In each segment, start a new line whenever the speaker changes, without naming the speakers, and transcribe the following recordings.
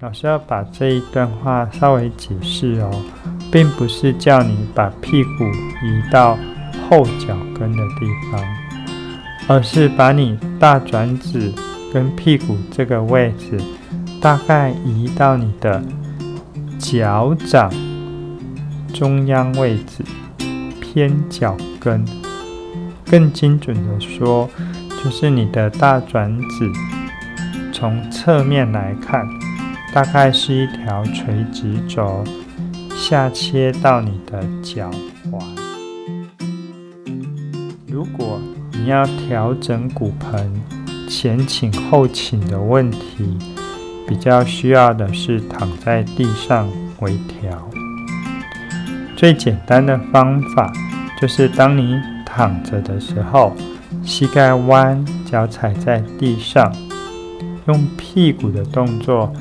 老師要把這一段話稍微解釋哦，並不是叫你把屁股移到後腳跟的地方，而是把你大轉子跟屁股這個位置，大概移到你的腳掌中央位置，偏腳跟。更精準的說，就是你的大轉子從側面來看，大概是一條垂直軸下切到你的腳踝。如果你要調整骨盆前傾後傾的問題，比較需要的是躺在地上微調。最簡單的方法就是當你躺着的時候，膝蓋彎，腳踩在地上，用屁股的動作。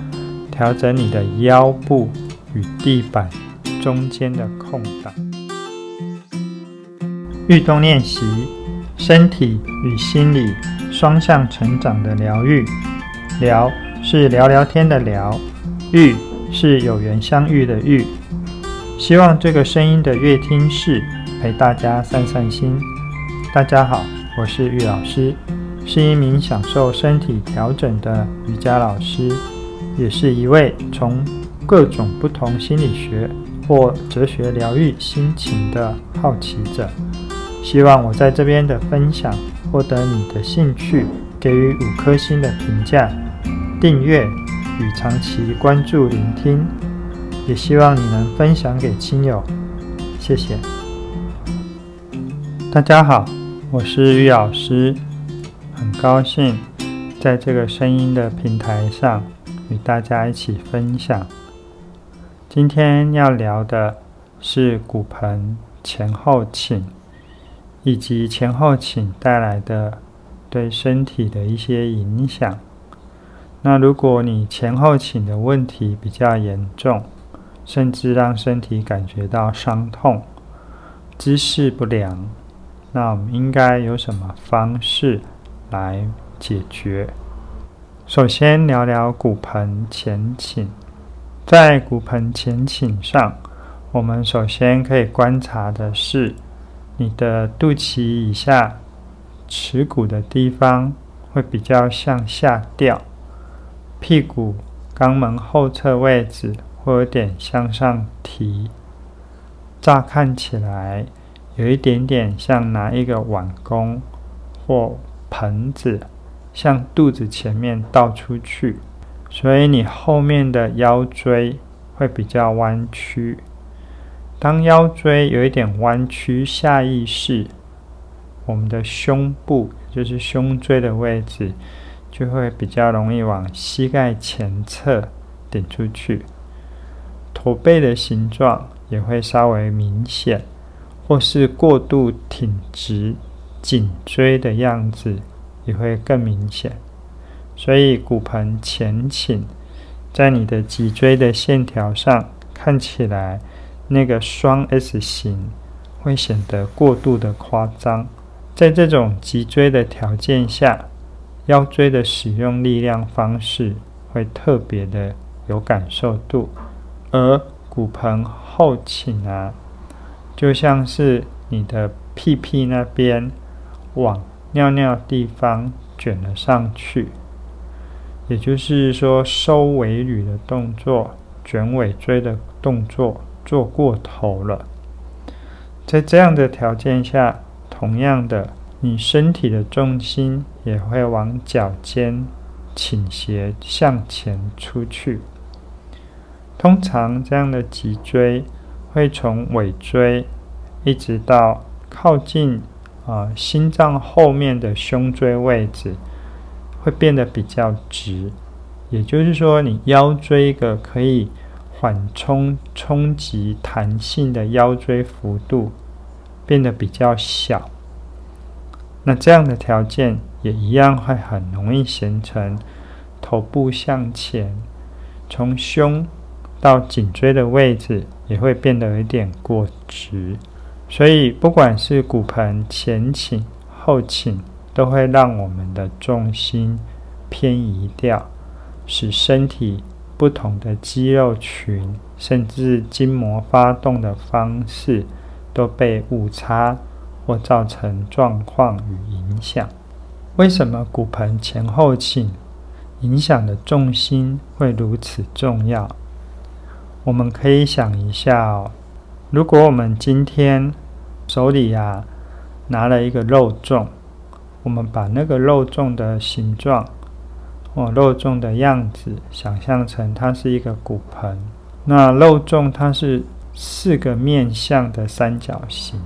調整你的腰部與地板中間的空檔。遇動練習，身體與心理雙向成長的療癒。聊是聊聊天的聊，遇是有緣相遇的遇。希望這個聲音的樂聽室陪大家散散心。大家好，我是玉老師，是一名享受身體調整的瑜伽老師。也是一位從各種不同心理學或哲學療癒心情的好奇者，希望我在這邊的分享獲得你的興趣，給予五顆星的評價、訂閱與長期關注聆聽，也希望你能分享給親友，謝謝。大家好，我是於老師，很高興在這個聲音的平台上。與大家一起分享，今天要聊的是骨盆前後傾，以及前後傾帶來的對身體的一些影響。那如果你前後傾的問題比較嚴重，甚至讓身體感覺到傷痛、姿勢不良，那我們應該有什麼方式來解決？首先聊聊骨盆前傾。在骨盆前傾上，我們首先可以觀察的是，你的肚臍以下恥骨的地方會比較向下掉，屁股肛門後側位置會有點向上提。乍看起來有一點點像拿一個碗弓或盆子。向肚子前面倒出去，所以你後面的腰椎會比較彎曲。當腰椎有一點彎曲，下意識，我們的胸部就是胸椎的位置，就會比較容易往膝蓋前側頂出去。駝背的形狀也會稍微明顯，或是過度挺直頸椎的樣子。也會更明顯，所以骨盆前傾，在你的脊椎的線條上看起來，那個雙 S 型會顯得過度的誇張。在這種脊椎的條件下，腰椎的使用力量方式會特別的有感受度，而骨盆後傾啊，就像是你的屁屁那邊往。尿尿的地方捲了上去，也就是說收尾閭的動作、捲尾椎的動作做過頭了。在這樣的條件下，同樣的，你身體的重心也會往腳尖傾斜向前出去。通常這樣的脊椎會從尾椎一直到靠近。啊、呃，心臟後面的胸椎位置會變得比較直，也就是說，你腰椎一個可以緩衝衝擊彈性的腰椎幅度變得比較小。那這樣的條件也一樣會很容易形成頭部向前，從胸到頸椎的位置也會變得有點過直。所以，不管是骨盆前傾、後傾，都會讓我們的重心偏移掉，使身體不同的肌肉群甚至筋膜發動的方式都被誤差或造成狀況與影響。為什麼骨盆前後傾影響的重心會如此重要？我們可以想一下哦，如果我們今天。手裡呀、啊，拿了一個肉粽，我們把那個肉粽的形狀、哦肉粽的樣子，想象成它是一個骨盆。那肉粽它是四個面向的三角形。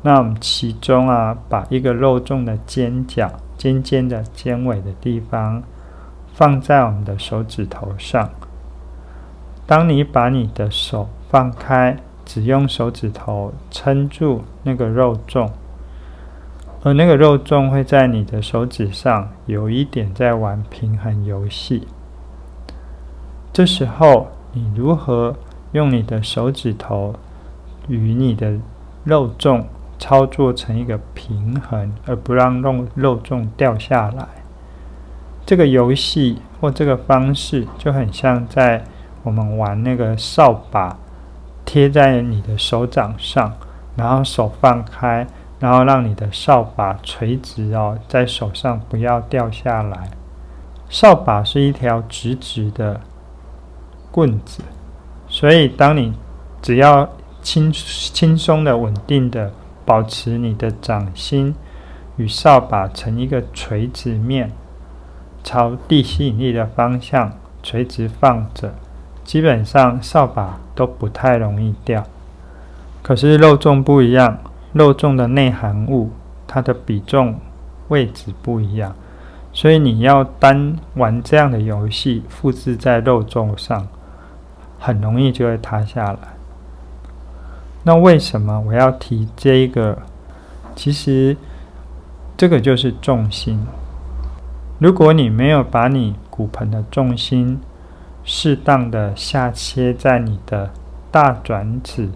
那我們其中啊，把一個肉粽的尖角、尖尖的尖尾的地方放在我們的手指頭上。當你把你的手放開。只用手指頭撐住那個肉粽，而那個肉粽會在你的手指上有一點在玩平衡遊戲。這時候，你如何用你的手指頭與你的肉粽操作成一個平衡，而不讓肉肉粽掉下來？這個遊戲或這個方式就很像在我們玩那個掃把。貼在你的手掌上，然後手放開，然後讓你的掃把垂直哦，在手上不要掉下來。掃把是一條直直的棍子，所以當你只要輕輕鬆的、穩定的保持你的掌心與掃把成一個垂直面，朝地吸引力的方向垂直放着。基本上掃把都不太容易掉，可是肉粽不一樣，肉粽的內含物它的比重位置不一樣，所以你要單玩這樣的遊戲，複製在肉粽上，很容易就會塌下來。那為什麼我要提這個？其實這個就是重心。如果你沒有把你骨盆的重心，適當的下切在你的大轉子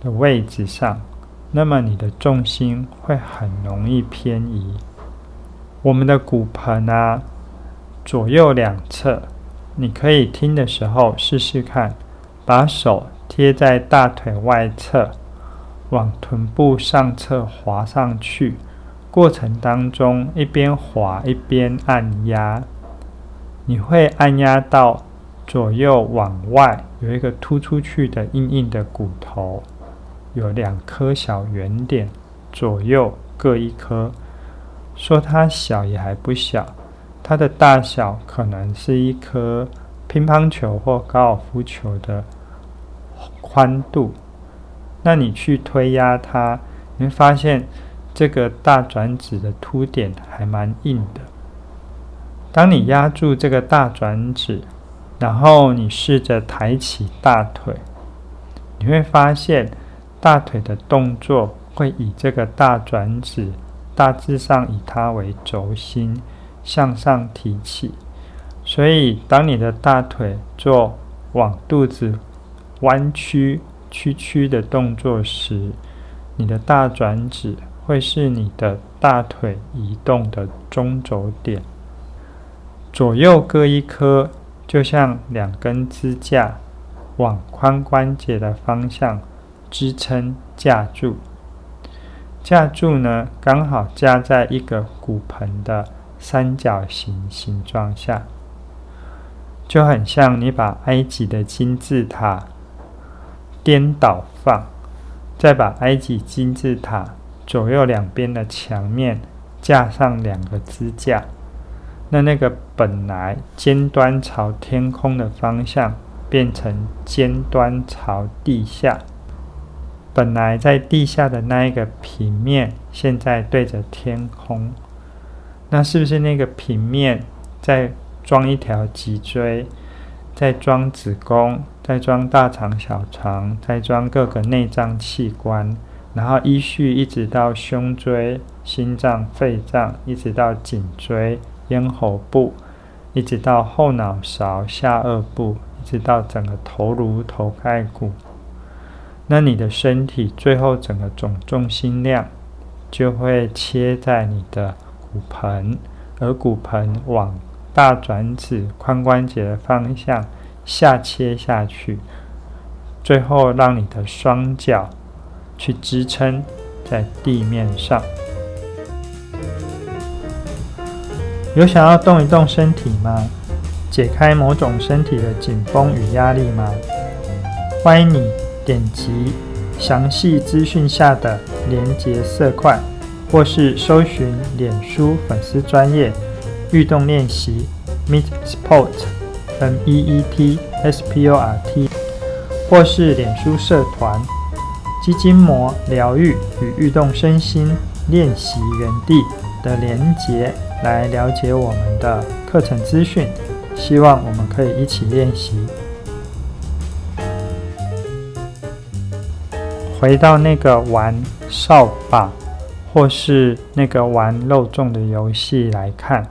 的位置上，那麼你的重心會很容易偏移。我們的骨盆啊，左右兩側，你可以聽的時候試試看，把手貼在大腿外側，往臀部上側滑上去，過程當中一邊滑一邊按壓。你會按壓到左右往外有一個凸出去的硬硬的骨頭，有兩顆小圓點，左右各一顆。說它小也還不小，它的大小可能是一顆乒乓球或高爾夫球的寬度。那你去推壓它，你會發現這個大轉子的凸點還蠻硬的。當你壓住這個大轉子，然後你試着抬起大腿，你會發現大腿的動作會以這個大轉子大致上以它為軸心向上提起。所以，當你的大腿做往肚子彎曲屈曲曲的動作時，你的大轉子會是你的大腿移動的中軸點。左右各一顆，就像兩根支架，往髖關節的方向支撐架住。架住呢，剛好架在一個骨盆的三角形形狀下，就很像你把埃及的金字塔顛倒放，再把埃及金字塔左右兩邊的牆面架上兩個支架。那那個本來尖端朝天空的方向，變成尖端朝地下。本來在地下的那一個平面，現在對着天空。那是不是那個平面在裝一條脊椎，在裝子宮，在裝大腸、小腸，在裝各個內臟器官，然後依序一直到胸椎、心臟、肺臟，一直到頸椎。咽喉部，一直到後腦勺下顎部，一直到整個頭顱頭蓋骨。那你的身體最後整個總重心量就會切在你的骨盆，而骨盆往大轉子髖關節的方向下切下去，最後讓你的雙腳去支撐在地面上。有想要動一動身體嗎？解開某種身體的緊繃與壓力嗎？歡迎你點擊詳細資訊下的連結色塊，或是搜尋臉書粉絲專業遇動練習 Meet Sport M E E T S P O R T，或是臉書社團肌筋膜療癒與遇動身心練習園地的連結。來了解我們的課程資訊，希望我們可以一起練習。回到那個玩掃把或是那個玩肉粽的遊戲來看，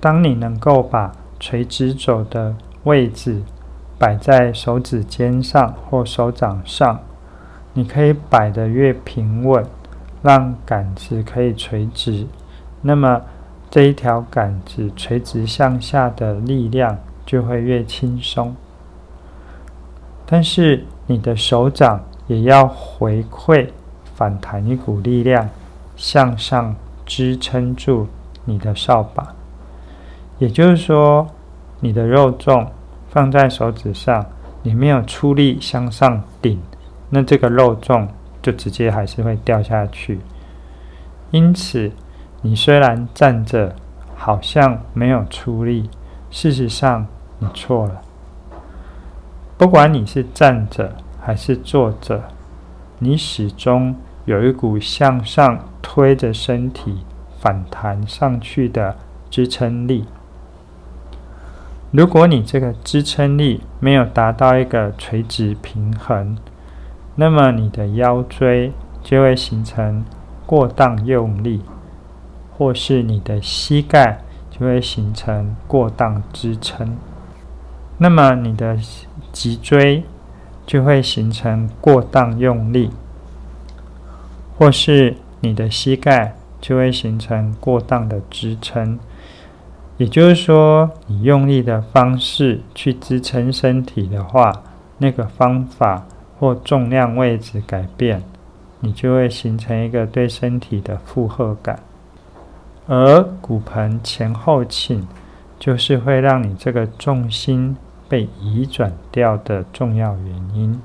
當你能夠把垂直走的位置擺在手指尖上或手掌上，你可以擺得越平穩，讓桿子可以垂直。那麼這一條桿子垂直向下的力量就會越輕鬆，但是你的手掌也要回饋反彈一股力量，向上支撐住你的掃把。也就是說，你的肉粽放在手指上，你沒有出力向上頂，那這個肉粽就直接還是會掉下去。因此，你雖然站着，好像沒有出力，事實上你錯了。不管你是站着還是坐着，你始終有一股向上推着身體反彈上去的支撐力。如果你這個支撐力沒有達到一個垂直平衡，那麼你的腰椎就會形成過當用力。或是你的膝蓋就會形成過當支撐，那麼你的脊椎就會形成過當用力，或是你的膝蓋就會形成過當的支撐。也就是說，你用力的方式去支撐身體的話，那個方法或重量位置改變，你就會形成一個對身體的負荷感。而骨盆前後傾，就是會讓你這個重心被移轉掉的重要原因。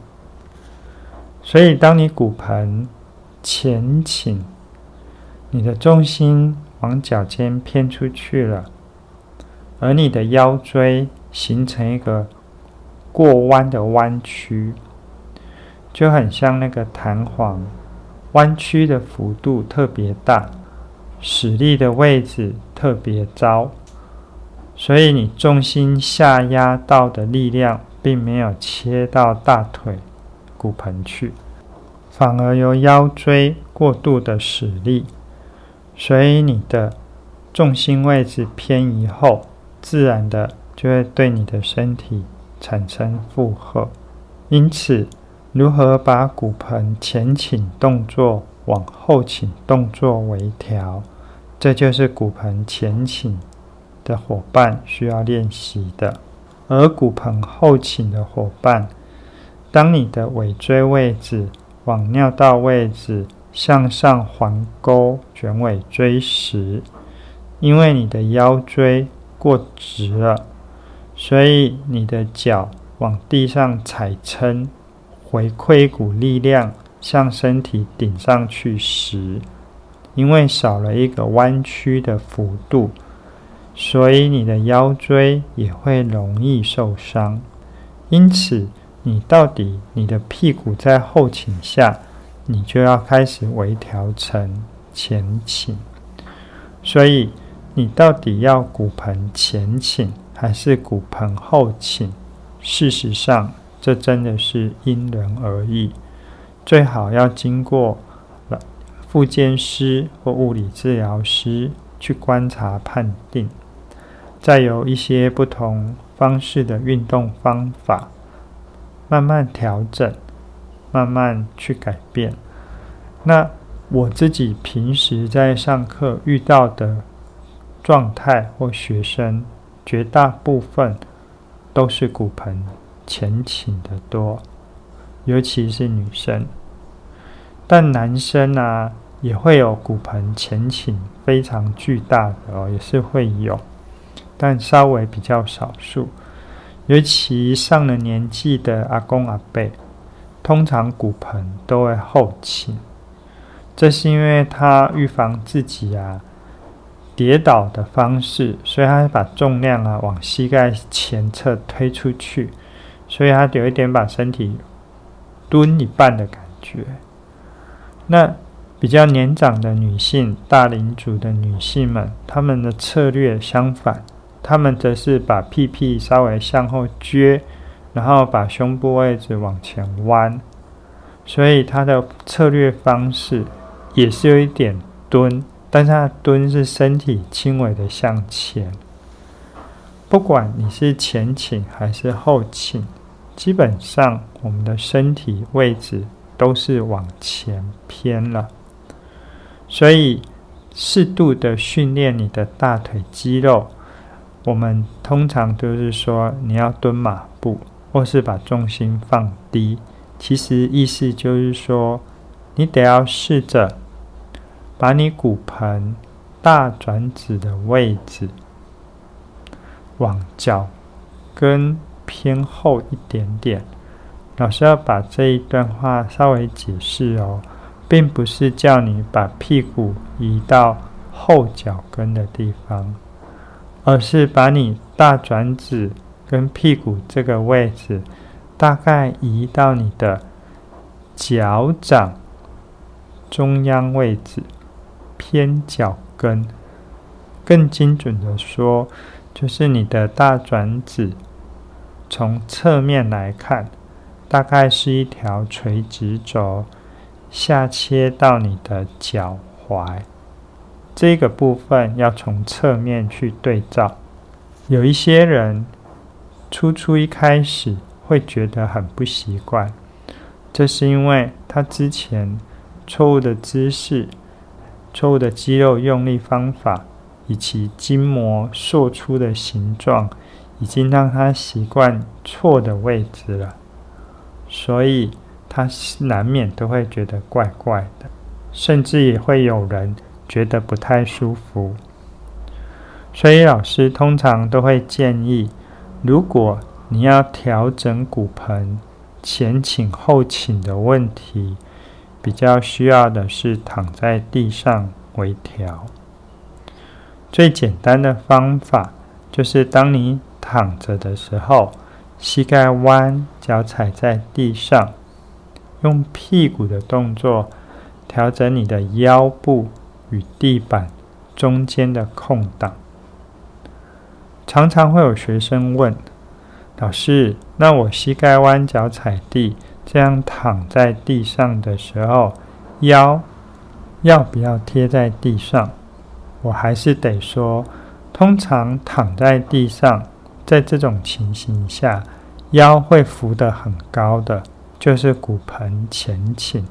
所以，當你骨盆前傾，你的重心往腳尖偏出去了，而你的腰椎形成一個過彎的彎曲，就很像那個彈簧，彎曲的幅度特別大。使力的位置特別糟，所以你重心下壓到的力量並沒有切到大腿、骨盆去，反而由腰椎過度的使力，所以你的重心位置偏移後，自然的就會對你的身體產生負荷。因此，如何把骨盆前傾動作？往後傾動作微調，這就是骨盆前傾的夥伴需要練習的。而骨盆後傾的夥伴，當你的尾椎位置往尿道位置向上環勾捲尾椎時，因為你的腰椎過直了，所以你的腳往地上踩撐，回饋股力量，向身體頂上去時，因為少了一個彎曲的幅度，所以你的腰椎也會容易受傷。因此，你到底你的屁股在後傾下，你就要開始微調成前傾。所以，你到底要骨盆前傾還是骨盆後傾？事實上，這真的是因人而異。最好要經過了復健師或物理治療師去觀察判定，再由一些不同方式的運動方法慢慢調整，慢慢去改變。那我自己平時在上課遇到的狀態或學生，絕大部分都是骨盆前傾的多，尤其是女生。但男生啊，也會有骨盆前傾非常巨大的哦，也是會有，但稍微比較少數，尤其上了年紀的阿公阿伯，通常骨盆都會後傾，這是因為他預防自己啊跌倒的方式，所以他是把重量啊往膝蓋前側推出去，所以他有一點把身體蹲一半的感覺。那比較年長的女性、大齡組的女性們，她們的策略相反，她們則是把屁屁稍微向後撅，然後把胸部位置往前彎，所以她的策略方式也是有一點蹲，但是她的蹲是身體輕微的向前。不管你是前傾還是後傾，基本上我們的身體位置。都是往前偏了，所以適度的訓練你的大腿肌肉，我們通常都是說你要蹲馬步，或是把重心放低。其實意思就是說，你得要試着把你骨盆大轉子的位置往腳跟偏後一點點。老師要把這一段話稍微解釋哦，並不是叫你把屁股移到後腳跟的地方，而是把你大轉子跟屁股這個位置，大概移到你的腳掌中央位置，偏腳跟。更精準的說，就是你的大轉子從側面來看，大概是一條垂直軸，下切到你的腳踝，這個部分要從側面去對照。有一些人初初一開始會覺得很不習慣，這是因為他之前錯誤的姿勢、錯誤的肌肉用力方法，以及筋膜塑出的形狀，已經讓他習慣錯的位置了。所以他難免都會覺得怪怪的，甚至也會有人覺得不太舒服。所以老師通常都會建議，如果你要調整骨盆前傾後傾的問題，比較需要的是躺在地上微調。最簡單的方法就是當你躺着的時候。膝蓋彎，腳踩在地上，用屁股的動作調整你的腰部與地板中間的空檔。常常會有學生問老師：“那我膝蓋彎，腳踩地，這樣躺在地上的時候，腰要不要貼在地上？”我還是得說，通常躺在地上。在這種情形下，腰會浮得很高的，就是骨盆前傾，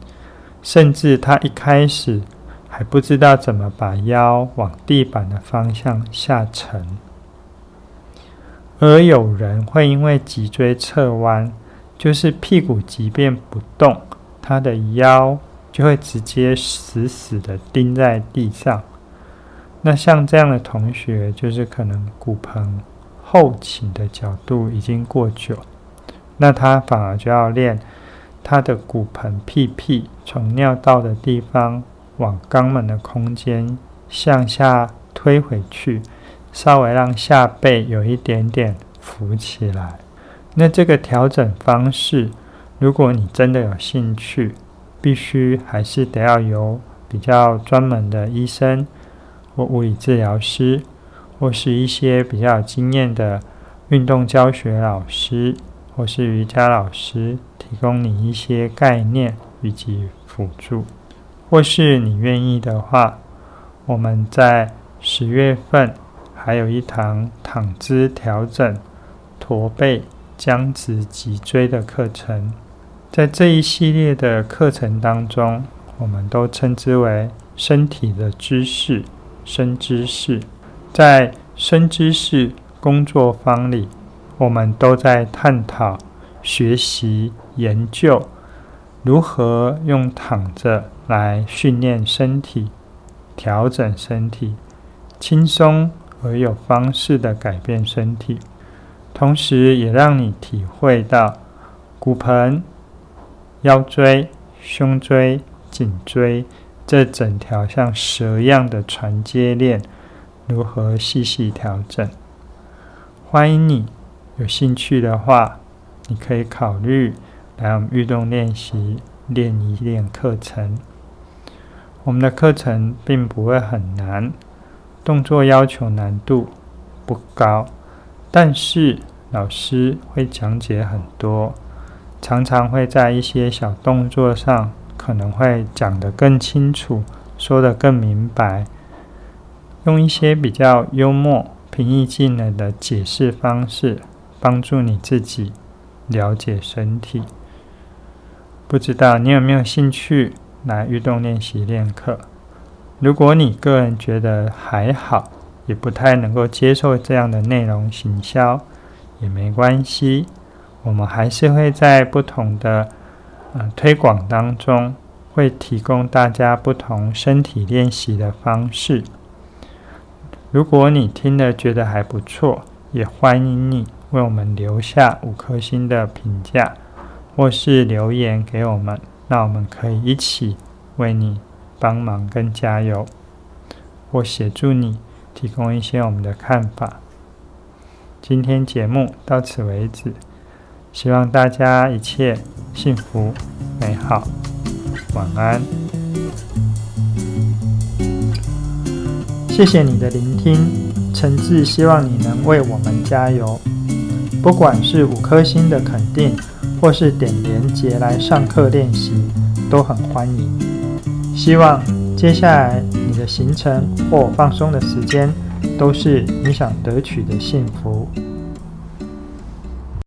甚至他一開始還不知道怎麼把腰往地板的方向下沉。而有人會因為脊椎側彎，就是屁股即便不動，他的腰就會直接死死的釘在地上。那像這樣的同學，就是可能骨盆。後傾的角度已經過久，那他反而就要練他的骨盆屁屁，從尿道的地方往肛門的空間向下推回去，稍微讓下背有一點點浮起來。那這個調整方式，如果你真的有興趣，必須還是得要由比較專門的醫生或物理治療師。或是一些比較有經驗的運動教學老師，或是瑜伽老師，提供你一些概念以及輔助。或是你願意的話，我們在十月份還有一堂躺姿調整、駝背、僵直脊椎的課程。在這一系列的課程當中，我們都稱之為身體的知識，身知識。在身知識工作坊裡，我們都在探討、學習、研究如何用躺着來訓練身體、調整身體、輕鬆而有方式的改變身體，同時也讓你體會到骨盆、腰椎、胸椎、頸椎這整條像蛇一樣的傳接鏈。如何細細調整？歡迎你，有興趣的話，你可以考慮來我們遇動練習練一練課程。我們的課程並不會很難，動作要求難度不高，但是老師會講解很多，常常會在一些小動作上可能會講得更清楚，說得更明白。用一些比較幽默、平易近人的解釋方式，幫助你自己了解身體。不知道你有沒有興趣來遇動練習練課？如果你個人覺得還好，也不太能夠接受這樣的內容行銷，也沒關係。我們還是會在不同的呃推廣當中，會提供大家不同身體練習的方式。如果你聽了覺得還不錯，也歡迎你為我們留下五顆星的評價，或是留言給我們，那我們可以一起為你幫忙跟加油，我協助你提供一些我們的看法。今天節目到此為止，希望大家一切幸福美好，晚安。謝謝你的聆聽，誠摯希望你能為我們加油。不管是五顆星的肯定，或是點連結來上課練習，都很歡迎。希望接下來你的行程或放鬆的時間，都是你想得取的幸福。